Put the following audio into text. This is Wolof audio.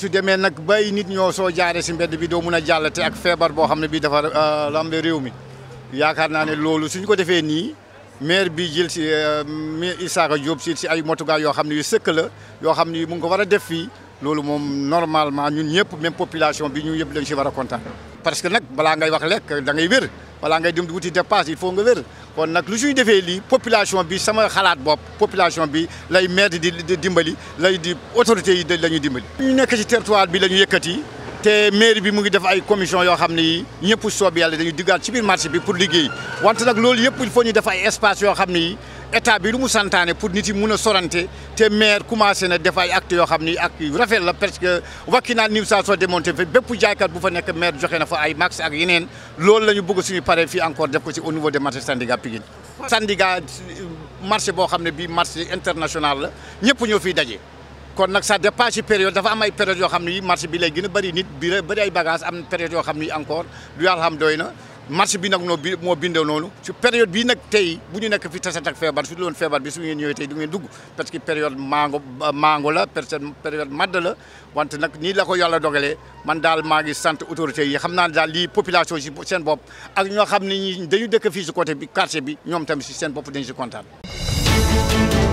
su demee nag bàyyi nit ñoo soo jaaree si mbedd bi doo mun a jàll te ak feebar boo xam ne bii dafa euh, lambe réew mi yaakaar naa ne loolu suñ ko defee nii maire bi jël si euh, maire Isaka Diop si si ay motukaay yoo xam ne yu sëkk la yoo xam ne mu ngi ko war a def fi loolu moom normalement ñun ñëpp même population bi ñu yëpp dañ si war a kontaan. parce que nag balaa ngay wax lekk da ngay wér. wala ngay dem di wuti dépasse il faut nga wér kon nak lu suy defee lii population bi sama xalaat bop population bi lay maire di dimbali lay di autorité yi la dimbali. ñu nekk ci territoire bi lañu yëkëti té maire bi mu ngi def ay commission yo xamni ne ñëpp soob yalla dañu diggaat ci bir marché bi pour liggéey wante nak loolu yëpp il faut ñu def ay espace yo xamni état bi lu mu santaane pour nit yi mun a sorante te maire commencé na def ay actes yoo xam ni ak yu rafet la parce que Wakhinane Nimza soo démonté fa bépp jaaykat bu fa nekk maire joxe na fa ay max ak yeneen lool la ñu bëgg suñu paree fii encore def ko ci au niveau des marchés Sandaga Pikine Sandaga euh, marché boo xam ne bii marché international la ñëpp ñoo fiy daje kon nag sa dépasse ci période dafa am ay période yoo xam ne yi marché bi lay gën bari bëri nit bi bëri ay bagage am période yoo xam ne encore du yàlla xam na marché bi nag noo bi moo bindee noonu ci période bii nag tey bu ñu nekk fi tasat ak feebar su loon feebar bi su ngeen ñëwee tey du ngeen dugg parce que période mango euh, mango la période madd la wante nag nii la ko yàlla dogalee man daal maa ngi sant autorités yi xam naa ne daal lii population si seen bopp ak ñoo xam ne ñi dañu dëkk fii si côté bi quartier bi ñoom tamit si seen bopp dañ si kontaan